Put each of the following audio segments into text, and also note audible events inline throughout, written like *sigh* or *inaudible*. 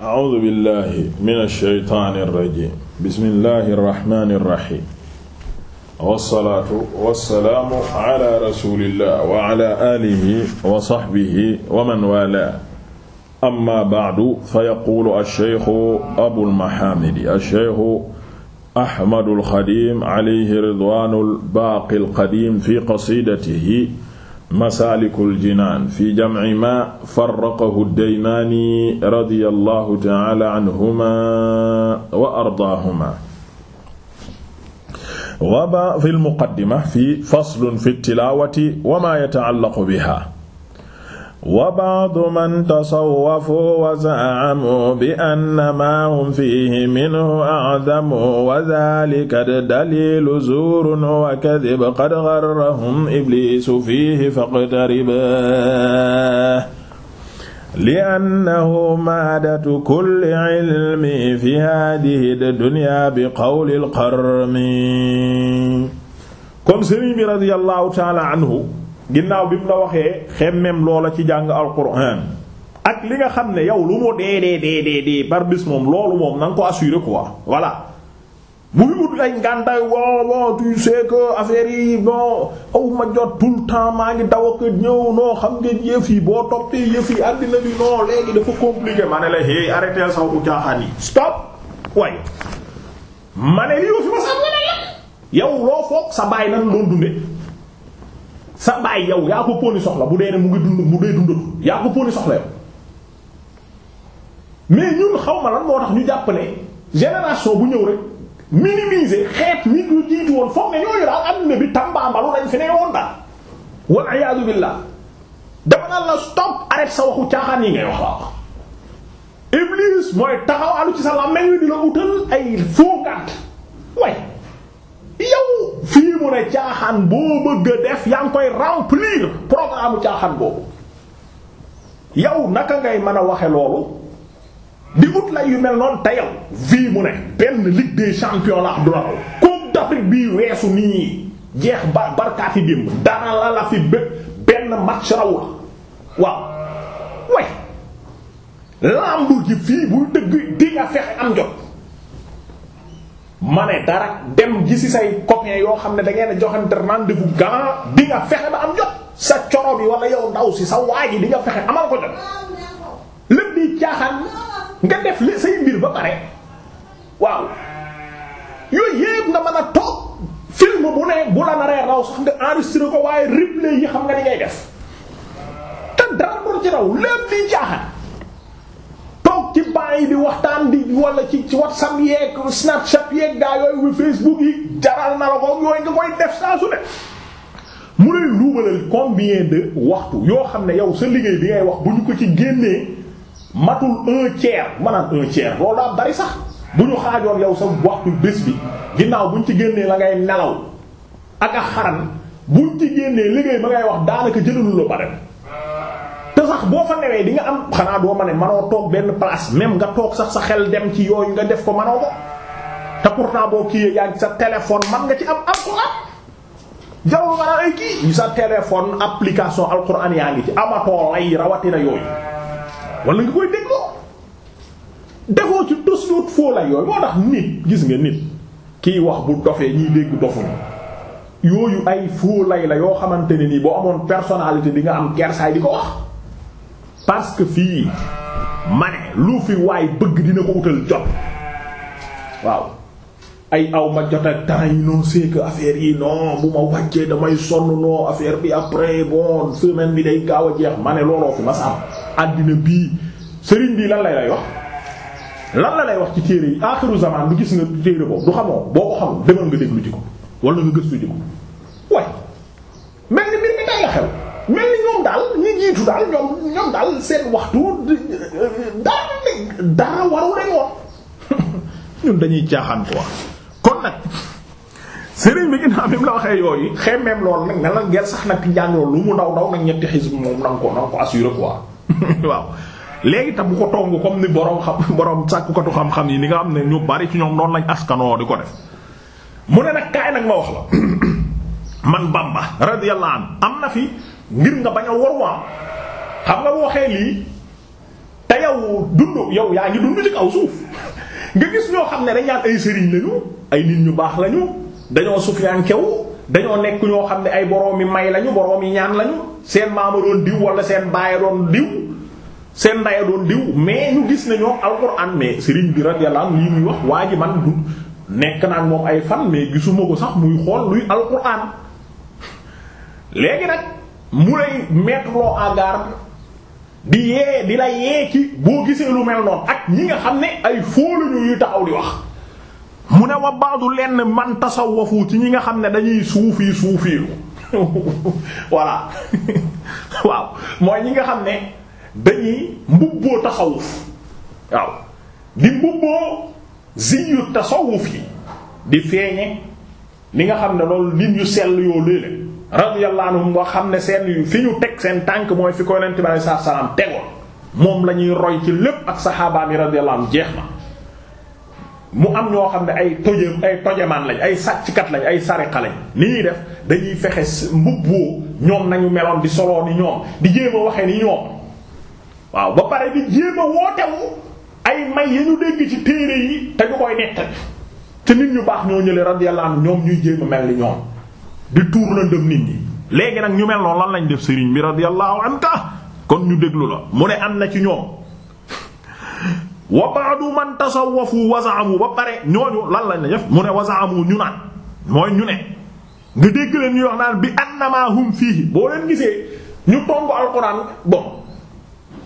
a'uuzu billaahi mina shaytaani rajiim bismillaahi rahmaani rahiim wassalaatu wassalaamu ala rasuulillaah wa ala aalihi wa sahbihi wa man waalaahu amma ba'du fa yaquulu ash-shaykhu abul mahaamidi ash-shaykhu ahmadul xadiim alayhi ridwaanul baaqil qadiim fi qasiidatihi masaalikul jinaan fi jamci ma farraqahu daymaani radiyallahu ta'ala anhuma wa ardaahuma wa ba fi lmuqaddima fi faslun fi tilaawati wa ma yata'allaqu biha wa ba'du man tasawwafu wa za'amu bi anna ma hum fihi minhu a'zamu wa dhalika dalilu zuurun wa kadhib qad gharrahum iblisu fihi faqtarib li'annahu maadatu kulli ilmi fi hadhihi dunya bi qawli al-qarmi kon sëriñ bi radiyallahu ta'ala anhu ginnaaw bi mu la waxee xemmem loola ci jàng alquran ak li nga xam ne yow lu mu dee dee dee dee dee bis moom loolu moom ko nga ko assurer quoi voilà bu fi ut ay ngàntaay wo wo tu sais que affaire yi bon jot tout le maa ngi daw ak ñëw non xam nga yëf yi boo toppee yëf yi àddina bi non léegi dafa compliqué ma ne la hey arrêtez saw bu caaxaan yi stop waaye ma ne lii yow fi ma sax yow loo foog sa bàyyi nan loon dunde sa baay yow yaa ko poni soxla bu dee ne mu ngi dund bu dee dundatu yaa ko poni soxla yow mais ñun xaw ma lan moo tax ñu jàpp ne génération bu ñëw rek minimiser xeet nit ñu jiitu woon foog ne ñooñu daal adduna bi tambaambalu lañ fi ne woon daal. wal iyaadu billah dama mooy taxaw alu ci sa làmmeñ wi di utal ay faux gàtt way fii mu ne caaxaan boo bëgg a def yaa ngi koy remplir programme caaxaan boobu yow naka ngay mën a waxe loolu di ut lay yu mel noonu te yow fii mu ne benn ligue des champions la du la raw coupe d'Afrique bii weesu nii jeex barkaati démb dara la la fi bé benn match raw waaw way lambu ji fii bu dëgg di nga fexe am jot ma ne dara dem gisi say copain yoo xam ne da ngeen a joxante rendez-vous gan di nga fexe ba am jot sa coro bi wala yow ndaw si sa waa yi di nga fexe amal ko jot lépp di caaxaan nga def li say mbir ba pare waaw yooyu yépp nga mën a toog film bu ne bu la naree raw sax nga enregistré ko waaye replay yi xam nga ni ngay def te dara pour ci raw lépp di caaxaan temps yi di waxtaan di walla ci ci whatsapp yeeg snapchat yeeg gaa yooyu facebook yi jaral na la ko yooyu nga koy def saa su ne mu lay luubalal combien de waxtu yoo xam ne yow sa liggéey bi ngay wax bu ñu ko ci génnee matul un tiers maanaam un tiers loolu daa bari sax bu ñu xaajoon yow sa waxtu bés bi ginnaaw bu ñu ci génnee la ngay nelaw ak a xaran buñ ci génnee liggéey ba ngay wax daanaka jëlalu la ba dem sax boo fa newee di nga am xanaa doo ma ne manoo toog benn place même nga toog sax sa xel dem ci yooyu nga def ko manoo ko te pourtant boo kiiyee yaa ngi sa téléphone man nga ci am alxuraan jaww sa téléphone application alxuraan yaa ngi ci amatoo ay rawatina yooyu wala nga koy dégloo defoo ci tos doot yooyu moo tax nit gis nga nit kiy wax bu dofee ñiy dégg dofuñu yooyu ay foo lay la yoo xamante ne nii boo amoon personnalité di nga am kersaay di ko wax. parce que fii ma ne lu fi waay bëgg dina ko utal jot waaw ay aw ma jot ak temps yi non c'est que affaire yi non bu ma wàccee damay sonn non affaire bi après bon semaine bi day gaaw a jeex ma ne looloo fi ma sàmm àddina bii sëriñ bii lan lay lay wax lan lay wax ci téere yi aaxiru zaman bi gis nga téere boobu du xamoo boo ko xamul demal nga déglu ci ko wala nga gëstu ci ko jiitu daal ñoom ñoom daal seen waxtu dara dara waru leen *laughs* ñun dañuy caaxaan quoi kon nag sëriñ bi ginnaaw bi mu la waxee yooyu xemmeem loolu nag ne la ngeen nag njàng loolu lu mu ndaw ndaw nag ñetti xisb moom na nga ko na ko assuré *laughs* waaw léegi tam bu ko tong comme ni borom xam borom sàkkukatu xam-xam yi ni nga xam ne ñu bari ci ñoom noonu lañ askanoo di ko def mu ne nag kaay nag ma wax la *coughs* man Bamba radiyallahu anhu am na fi ngir nga bañ a warwaam xam nga bu waxee lii te yow dund yow yaa ngi dund ci kaw suuf *laughs* nga gis ñoo xam ne dañ naan ay sëriñ lañu ay nit ñu baax lañu dañoo sufiyankewu dañoo nekk ñoo xam ne ay boroomi may lañu boroomi ñaan lañu seen maama doon diw wala seen baaya doon diw seen ndaya doon diw mais ñu gis ne ñoom alxuraan mais sëriñ bi radiyallahu anhu lii muy wax waa ji man du nekk naan moom ay fan mais gisuma ko sax muy xool luy alxuraan *laughs* léegi nag mu lay mettre loo en garde di yee di la yee ci boo gisee lu mel noonu ak ñi nga xam ne ay fóoluñu yu taxaw di wax mu ne wa baadu lenn man tasawwafu ci ñi nga xam ne dañuy suufi suufiilu *laughs* voilà *laughs* waaw mooy ñi nga xam ne dañuy mbubboo tasawuf waaw di mbubboo ziyu tasawuf yi di feeñe li nga xam ne loolu lim yu sell yoo léeg radiyallahu anhum nga xam ne seen fi ñu teg seen tànk mooy fi ko yonent bi alayhi salaatu tegoon moom la ñuy roy ci lépp ak saxaabaam yi radiyallahu anhum jeex na mu am ñoo xam ne ay tojam ay tojemaan lañ ay sàcckat lañ ay sariqa lañ ni ñuy def dañuy fexe mbubboo ñoom nañu meloon di soloo ni ñoom di jéem a waxee ni ñoom waaw ba pare di jéem a wootewu ay may ya ñu dégg ci téere yi te ñu koy nettali te nit ñu baax ñoo ñële radiyallahu anhum ñoom ñuy jéem a mel ni ñoom di tuur lëndëm nit ñi léegi nag ñu mel noonu lan lañu def sëriñ bi radiyallahu anka kon ñu déglu la mu ne am na ci ñoom wa ba'du man tasawwafu wasa'amu ba pare ñooñu lan lañ la def mu ne wasa'amu ñu naan mooy ñu ne nga dégg leen ñuy wax naan bi annama hum fiihi boo leen gisee ñu tongu alquran bon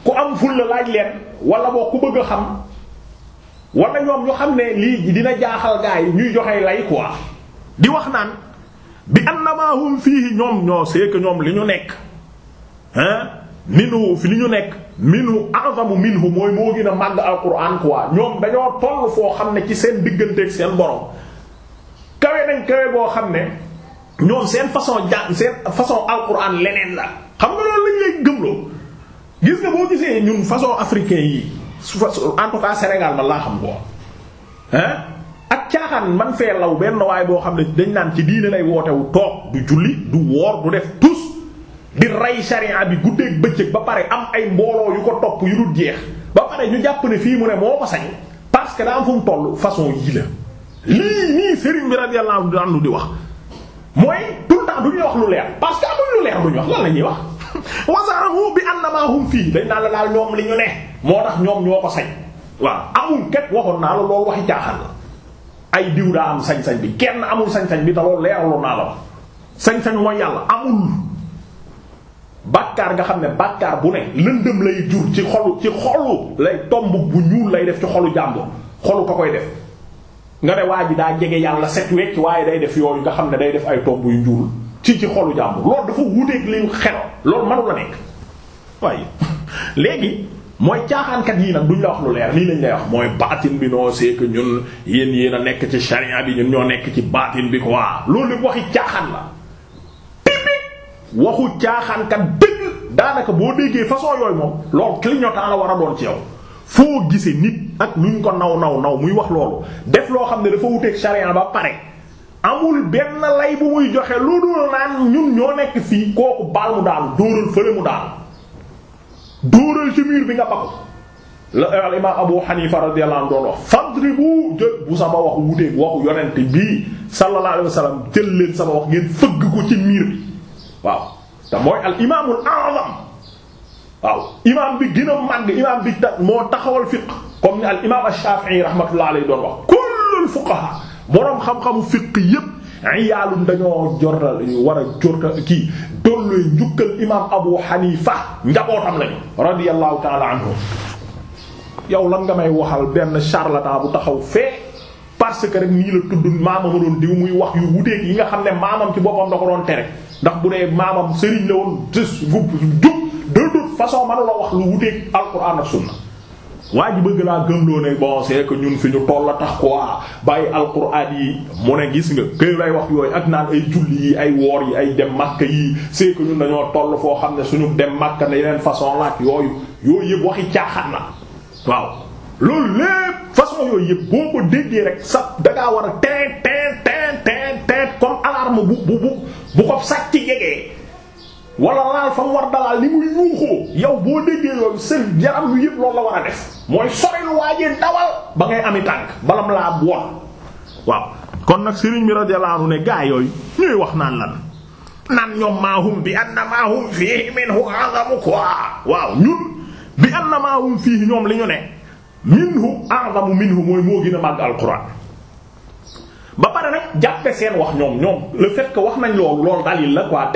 ku am ful laaj leen wala boo ku bëgg xam wala ñoom ñu xam ne lii dina jaaxal gaa yi ñuy joxe lay quoi di wax naan bi annama hum fiihi ñoom ñoo c'est que ñoom li ñu nekk hein minu fi li ñu nekk minu a'zamu minhu mooy moo gën a màgg alquran quoi ñoom dañoo toll foo xam ne ci seen digganteeg seen borom kawe nañ kawe boo xam ne ñoom seen façon jàng seen façon alquran leneen la xam nga loolu lañ lay gëmloo gis nga boo gisee ñun façon africain yi en tout cas Sénégal man laa xam quoi hein ak caaxaan man fee law benn waay boo xam ne dañ naan ci diine lay wootewu toog du julli du woor du def tus di rey sharia bi guddeeg bëccëg ba pare am ay mbooloo yu ko topp yu dul jeex ba pare ñu jàpp ne fii mu ne moo ko sañ parce que daa am fu façon yii la lii nii Serigne di wax mooy lu leer parce que amuñ lu leer duñu wax lan la ñuy wax *laughs* wasaarahu bi annama hum fii dañ naan la daal ñoom li ñu ne moo tax ñoom ñoo ko sañ waaw amul ket waxoon naa la loolu waxi caaxaan la ay diw daa am sañ-sañ bi kenn amul sañ-sañ bi te leeralu naa la sañ-sañ mooy yàlla amul bàkkaar nga xam ne bàkkaar bu ne lëndëm lay jur ci xolu ci xolu lay tomb bu ñuul lay def ci xolu jàmbur xolu ko koy def nga ne waa bi daa jege yàlla set wecc waaye day def yooyu nga xam ne day def ay tomb yu ñuul ci ci xolu jàmbur loolu dafa wuteeg li xel loolu mënu la nekk waaye *laughs* léegi mooy caaxaankat yii nag duñ la wax lu leer lii lañ lay wax mooy baatin bi noo c'est que ñun yéen yéen a nekk ci charia bi ñun ñoo nekk ci baatin bi quoi loolu lépp waxi caaxaan la pipi waxu daanaka boo déggee façon yooyu moom loolu la war ci yow foo nit ak luñ ko naw naw naw muy wax loolu def loo xam ne dafa wuteeg charia ba pare amul benn lay bu muy joxe lu dul naan ñun ñoo nekk fii kooku baal mu daal dóoral fële mu daal dóoral ci mur bi nga ba ko la al euh, imaam Abu Hanifa radiyallahu anhu doon wax fadribu jël bu sama wax wuteeg waxu yonent bii sallallahu alayhi wa sallam jël leen sama wax ngeen fëgg ko ci mur bi waaw te mooy al imaamul a'zam waaw imaam bi gën a màgg imaam bi ta moo taxawal fiqh comme ni al imaam ash-Shafi'i rahmatullahi alayhi doon wax kullul fuqaha boroom xam-xamu fiqh yépp iyaalum dañoo jortal war a jortal kii tolluy njukkal imaam Abu Hanifa njabootam lañu radiyallahu ta'ala anhu yow lan nga may waxal benn charlatan bu taxaw fee parce que rek nii la tudd maama ma doon diw muy wax yu wuteeg yi nga xam ne maamam ci boppam da ko doon tere ndax bu dee maamam sëriñ la woon jus gub jub de toute façon man la wax lu wuteeg alquran ak sunna waa ji bëgg laa gëmloo ne bon c'est que ñun fi ñu toll la tax quoi bàyyi alquran yi mu ne gis nga këy lay wax yooyu ak naan ay julli yi ay woor yi ay dem makka yi c'est que ñun dañoo toll foo xam ne suñu dem makka ne yeneen façon laaj yooyu yooyu yëpp waxi caaxaan na waaw. loolu lépp façon yooyu yëpp boo ko déggee rek sa dangaa war a teet teet teet teet comme alarme bu bu bu bu ko sàcc jege. wala laal fa mu war dalaal li muy yuuxoo yow boo déggee yooyu seen yaram yu yëpp loolu la war a def mooy soril waajee dawal ba ngay ami tànk balam laa boon waaw kon nag sëriñ bi radiyallahu ne gaa ñuy wax naan lan naan ñoom maahum bi anna maahum fiihi minhu a'zamu quoi waaw ñun bi anna maahum fiihi ñoom li ñu ne minhu a'zamu minhu mooy moo gën a màgg alquran ba pare nag jàppe seen wax ñoom ñoom le fait wax nañ loolu loolu dalil la quoi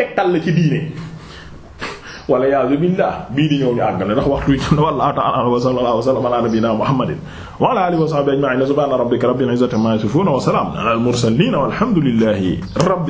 wala yaasu billah bii di ñëw ñu àggale ndax waxtu wi jëm wallahu ta'ala wa sallallahu wa sallam ala nabiyyina muhammadin wa ala alihi wa sahbihi ajma'in subhana rabbika rabbil izzati amma yasifun wa salamun ala al mursalin walhamdulillahi rabbil